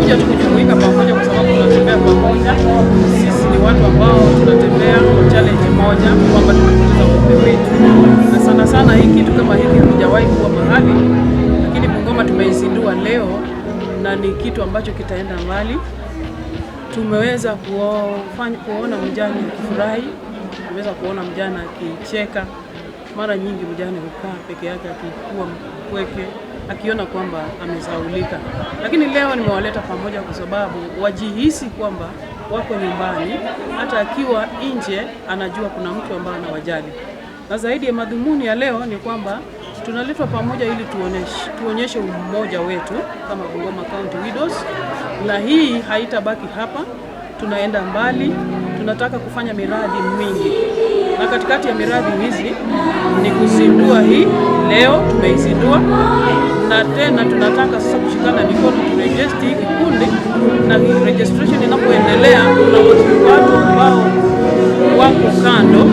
tumekuja tu kujumuika pamoja kwa sababu tunatembea pamoja. Sisi ni watu ambao tunatembea challenge moja kwamba tunakuza ukumbi wetu, na sana sana hii kitu kama hiki hakijawahi kuwa mahali, lakini Bungoma tumeizindua leo na ni kitu ambacho kitaenda mbali. Tumeweza kufanya, kuona mjane akifurahi, tumeweza kuona mjane akicheka. Mara nyingi mjane hukaa peke yake akikuwa mpweke akiona kwamba amesaulika. Lakini leo nimewaleta pamoja kwa sababu wajihisi kwamba wako nyumbani, hata akiwa nje anajua kuna mtu ambaye anawajali. Na zaidi ya madhumuni ya leo ni kwamba tunaletwa pamoja ili tuoneshe, tuonyeshe umoja wetu kama Bungoma County Widows, na hii haitabaki hapa, tunaenda mbali, tunataka kufanya miradi mingi na katikati ya miradi hizi ni kuzindua hii leo, tumeizindua na tena tunataka sasa kushikana mikono turejesti hii kikundi, na registration inapoendelea, kuna watu ambao wako kando,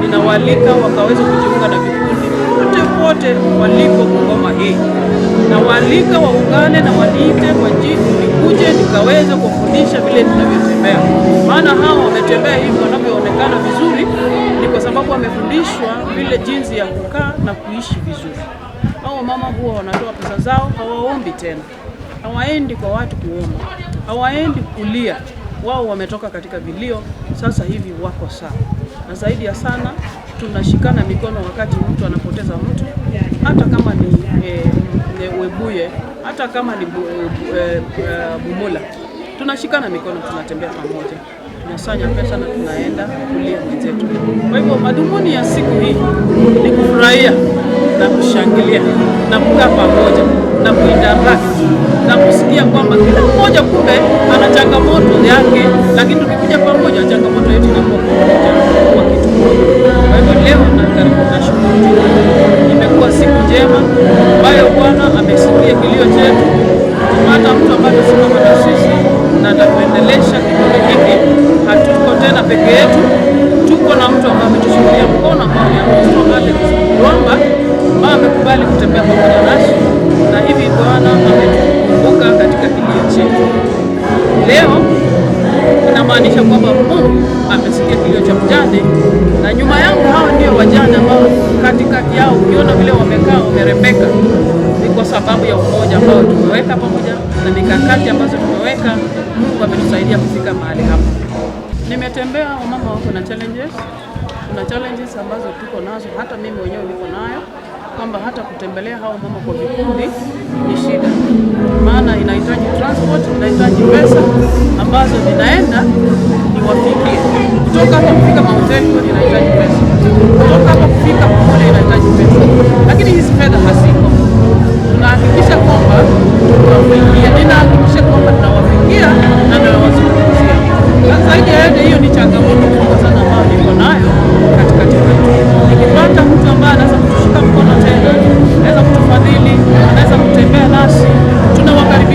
ninawalika wakaweza kujiunga na vikundi popote waliko kungoma hii, na walika waungane na waniite kwa jina nikuje nikaweze kuwafundisha vile ninavyotembea. Maana hawa wametembea hivi wanavyoonekana vizuri, ni kwa sababu wamefundishwa vile jinsi ya kukaa na kuishi vizuri. Hawa mama huwa wanatoa pesa zao, hawaombi tena, hawaendi kwa watu kuomba, hawaendi kulia wao wametoka katika vilio, sasa hivi wako sawa na zaidi ya sana tunashikana mikono wakati mtu anapoteza mtu, hata kama ni eh, Webuye, hata kama ni eh, eh, Bumula, tunashikana mikono, tunatembea pamoja, tunasanya pesa na tunaenda kulia mwenzetu. Kwa hivyo madhumuni ya siku hii ni kufurahia na kushangilia na kukaa pamoja na kuidaraki na kusikia kwamba kila mmoja kumbe ana changamoto yake, lakini tukikuja pamoja changamoto yetu inakuwa pamoja leo na tu, imekuwa siku njema ambayo Bwana amesikia kilio chetu, tumata mtu ambaye simama na sisi na atatuendelesha kipindi hiki. Hatuko tena peke yetu, tuko na mtu ambaye ametushikilia mkono, ambaye ni Apostol Mathias Mlwamba ambaye amekubali kutembea pamoja nasi na hivi Bwana ametu kumaanisha kwamba Mungu amesikia kilio cha mjane, na nyuma yangu hawa ndio wajane ambao katikati yao ukiona vile wamekaa wamerembeka, ni kwa sababu ya umoja ambao tumeweka pamoja na mikakati ambazo tumeweka. Mungu ametusaidia kufika mahali hapa. Nimetembea wamama oh wako na challenges, kuna challenges ambazo tuko nazo, hata mimi mwenyewe niko nayo kwamba hata kutembelea hao mama kwa vikundi ni shida, maana unahitaji transport, unahitaji pesa ambazo zinaenda niwafikie. Kutoka hapa kufika Mount Elgon inahitaji pesa, kutoka hapa kufika Mole inahitaji pesa, lakini hizi fedha haziko. Tunahakikisha kwamba tunawafikia, ninahakikisha kwamba tunawafikia na tunawazungumzia. Zaidi yayote, hiyo ni changamoto kubwa sana ambayo niko nayo katikati yetu. Nikipata mtu ambaye anaweza kutushika mkono tena, anaweza kutufadhili, anaweza kutembea nasi, tunawakaribisha.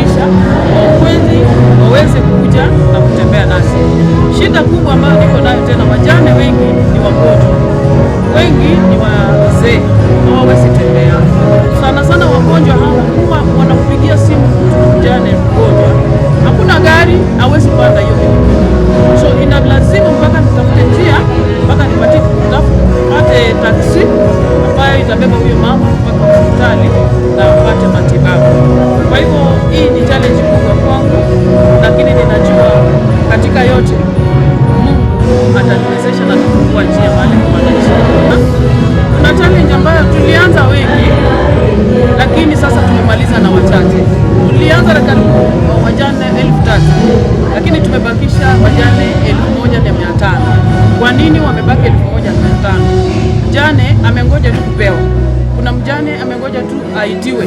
nane amengoja tu aitiwe,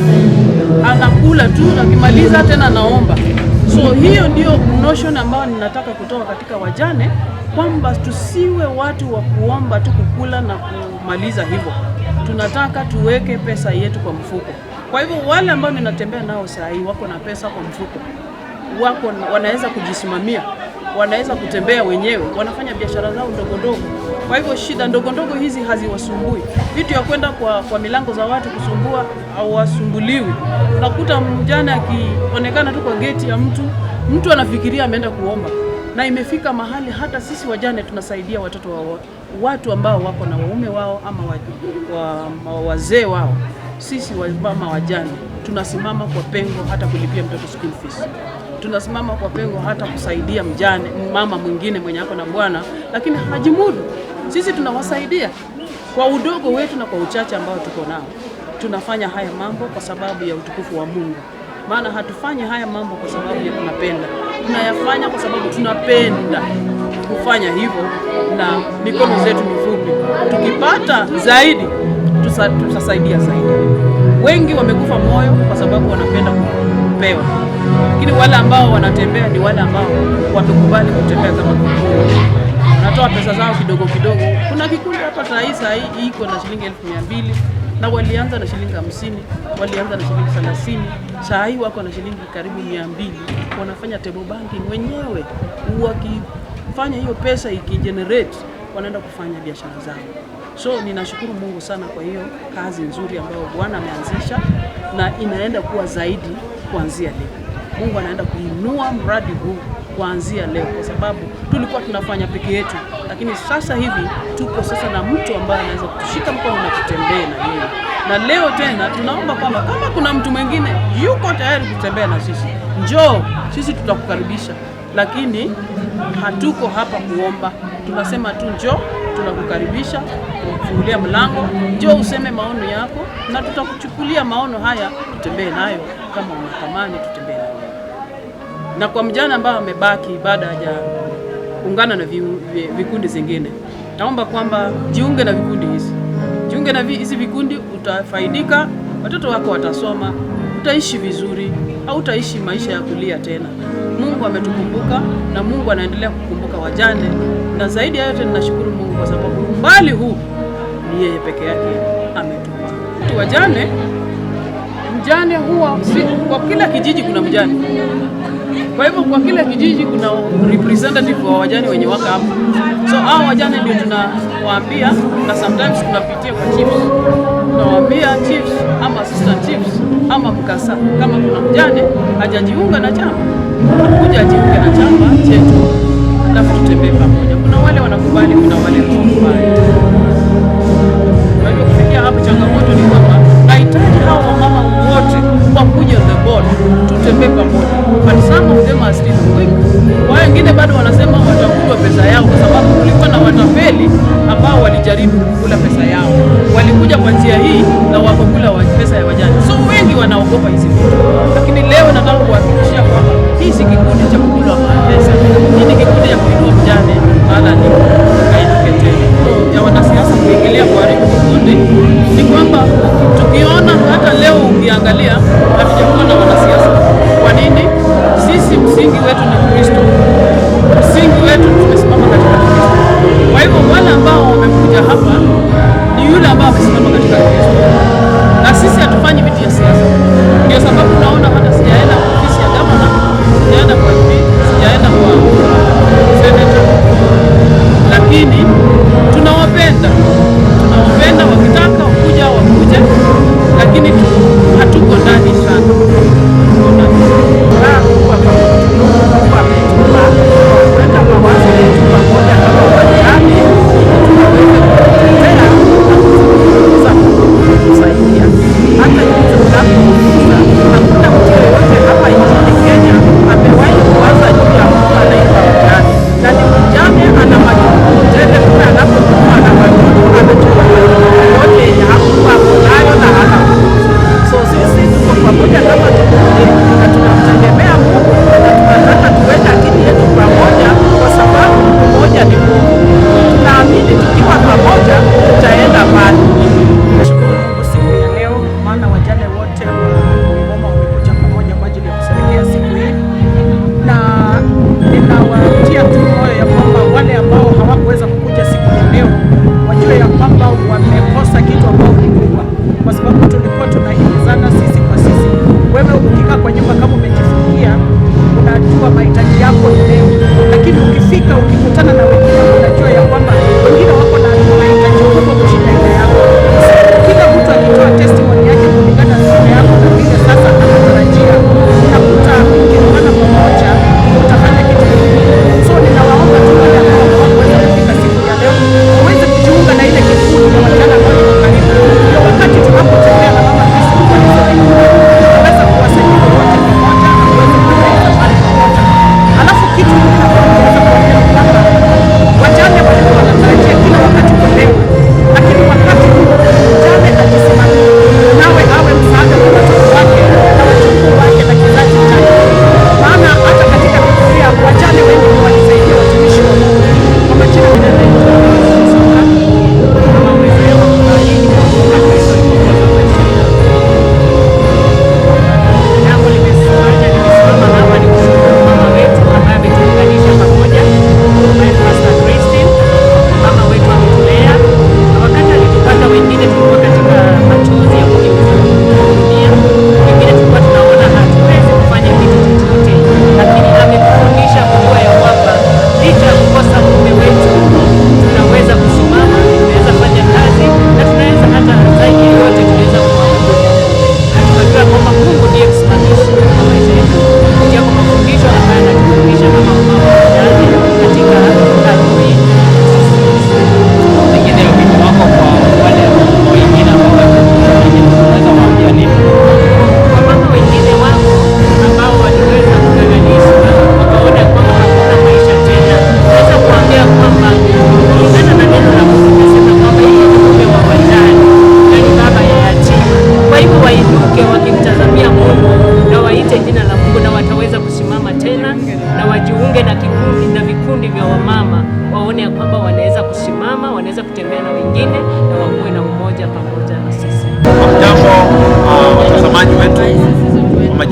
anakula tu, akimaliza tena naomba. So hiyo ndio notion ambayo ninataka kutoa katika wajane kwamba tusiwe watu wa kuomba tu kukula na kumaliza hivyo. Tunataka tuweke pesa yetu kwa mfuko. Kwa hivyo wale ambao ninatembea nao saa hii wako na pesa kwa mfuko, wako wanaweza kujisimamia, wanaweza kutembea wenyewe, wanafanya biashara zao ndogo ndogo. Kwa hivyo shida ndogo ndogo hizi haziwasumbui. Vitu ya kwenda kwa, kwa milango za watu kusumbua wasumbuliwi. Unakuta mjane akionekana tu kwa geti ya mtu, mtu anafikiria ameenda kuomba, na imefika mahali hata sisi wajane tunasaidia watoto wa watu ambao wako na waume wao ama wa, wazee wa, wazee wao. Sisi wamama wajane tunasimama kwa pengo hata kulipia mtoto school fees tunasimama kwa pengo hata kusaidia mjane mama mwingine mwenye ako na bwana lakini hajimudu. Sisi tunawasaidia kwa udogo wetu na kwa uchache ambao tuko nao. Tunafanya haya mambo kwa sababu ya utukufu wa Mungu, maana hatufanyi haya mambo kwa sababu ya tunapenda, tunayafanya kwa sababu tunapenda kufanya hivyo na mikono zetu mifupi. Tukipata zaidi tusa, tutasaidia zaidi. Wengi wamekufa moyo kwa sababu wanapenda kupewa, lakini wale ambao wanatembea ni wale ambao wamekubali kutembea kama wanatoa pesa zao kidogo kidogo. Kuna kikundi hapa Taisa hii iko na shilingi elfu mia mbili na walianza na shilingi hamsini, walianza na shilingi thelathini, saa hii wako na shilingi karibu mia mbili. Wanafanya table banking wenyewe, wakifanya hiyo pesa ikigenerate, wanaenda kufanya biashara zao. So ninashukuru Mungu sana kwa hiyo kazi nzuri ambayo Bwana ameanzisha na inaenda kuwa zaidi kuanzia leo. Mungu anaenda kuinua mradi huu kuanzia leo, kwa sababu tulikuwa tunafanya peke yetu, lakini sasa hivi tuko sasa na mtu ambaye anaweza kutushika mkono na kutembea na yeye. Na leo tena tunaomba kwamba kama kuna mtu mwingine yuko tayari kutembea na sisi, njoo, sisi tutakukaribisha, lakini hatuko hapa kuomba, tunasema tu njoo, tunakukaribisha kufungulia mlango, njoo useme maono yako na tutakuchukulia maono haya tutembee nayo kama unatamani na kwa mjana ambaye amebaki baada ya kuungana na vikundi zingine, naomba kwamba jiunge na vikundi hizi, jiunge na hizi vikundi, utafaidika, watoto wako watasoma, utaishi vizuri, au utaishi maisha ya kulia tena. Mungu ametukumbuka na Mungu anaendelea kukumbuka wajane, na zaidi ya yote ninashukuru Mungu kwa sababu umbali huu ni yeye peke yake ametupa wajane. Mjane huwa kwa kila kijiji kuna mjane. Kwa hivyo kwa kila kijiji kuna representative wa wajane wenye waka hapo, so hao wajane ndio tunawaambia, na sometimes tunapitia kwa chiefs, tunawaambia chiefs ama assistant chiefs ama mkasa, kama kuna mjane hajajiunga na chama akuja ajiunge na chama chetu, alafu tutembee pamoja. Kuna wale wanakubali, kuna wale wanakubali. Kwa hivyo kufikia hapo changamoto ni kwamba hao wamama wote wakuja the board, tutembee pamoja, but some of them are still quick. wengine bado wanasema watakutwa pesa yao, kwa sababu kulikuwa na watapeli ambao walijaribu kukula pesa yao, walikuja kwa njia hii na wakakula pesa ya wajane, so wengi wanaogopa hizi vitu lakini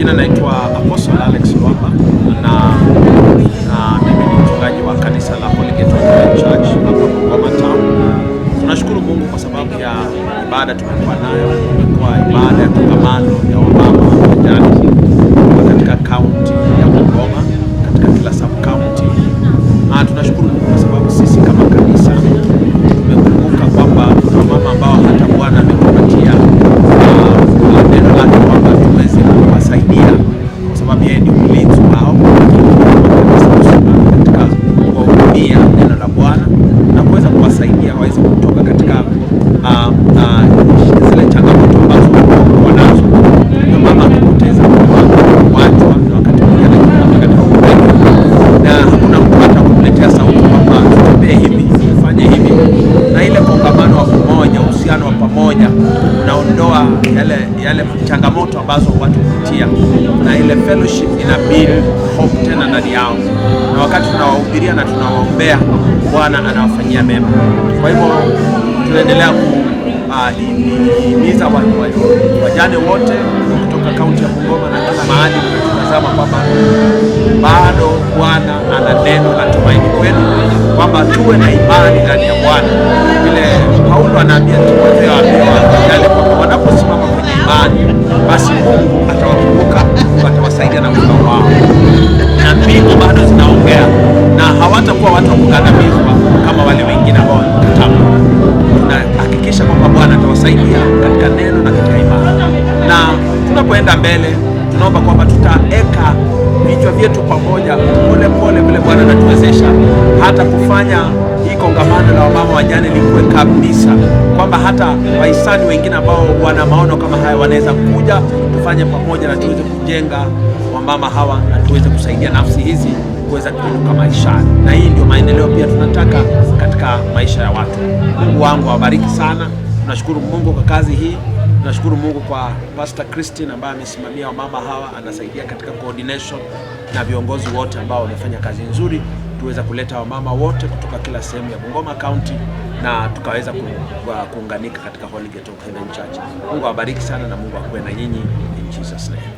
majina naitwa Apostle na ile fellowship ina build hope tena ndani yao, na wakati tunawahubiria na tunawaombea, Bwana anawafanyia mema. Kwa hivyo tunaendelea ah, kuhimiza uh, wajane wote kutoka kaunti ya Bungoma na kila mahali tunatazama kwamba bado Bwana ana neno la tumaini kwenu, kwamba tuwe na imani ndani ya Bwana. Vile Paulo anaambia Timotheo, wanaposimama kwenye imani basi Mungu atawakumbuka, atawasaidia na mkono wao, na mbingu bado zinaongea na hawatakuwa watu wa kukandamizwa kama wale wengine ambao tabu. Tunahakikisha kwamba Bwana atawasaidia katika neno na katika imani, na tunapoenda mbele tunaomba kwamba tutaeka vichwa vyetu pamoja polepole, vile Bwana anatuwezesha hata kufanya kongamano la wamama wajane likuwe kabisa, kwamba hata wahisani wengine ambao wana maono kama haya wanaweza kuja tufanye pamoja, na tuweze kujenga wamama hawa na tuweze kusaidia nafsi hizi kuweza kuinuka maishani, na hii ndio maendeleo pia tunataka katika maisha ya watu. Mungu wangu awabariki sana. Tunashukuru Mungu kwa kazi hii, tunashukuru Mungu kwa Pastor Christine ambaye amesimamia wamama hawa, anasaidia katika coordination na viongozi wote ambao wamefanya kazi nzuri tuweza kuleta wamama wote kutoka kila sehemu ya Bungoma County na tukaweza kuunganika katika Holy Gate of Heaven Church. Mungu awabariki sana na Mungu akuwe na nyinyi in Jesus name.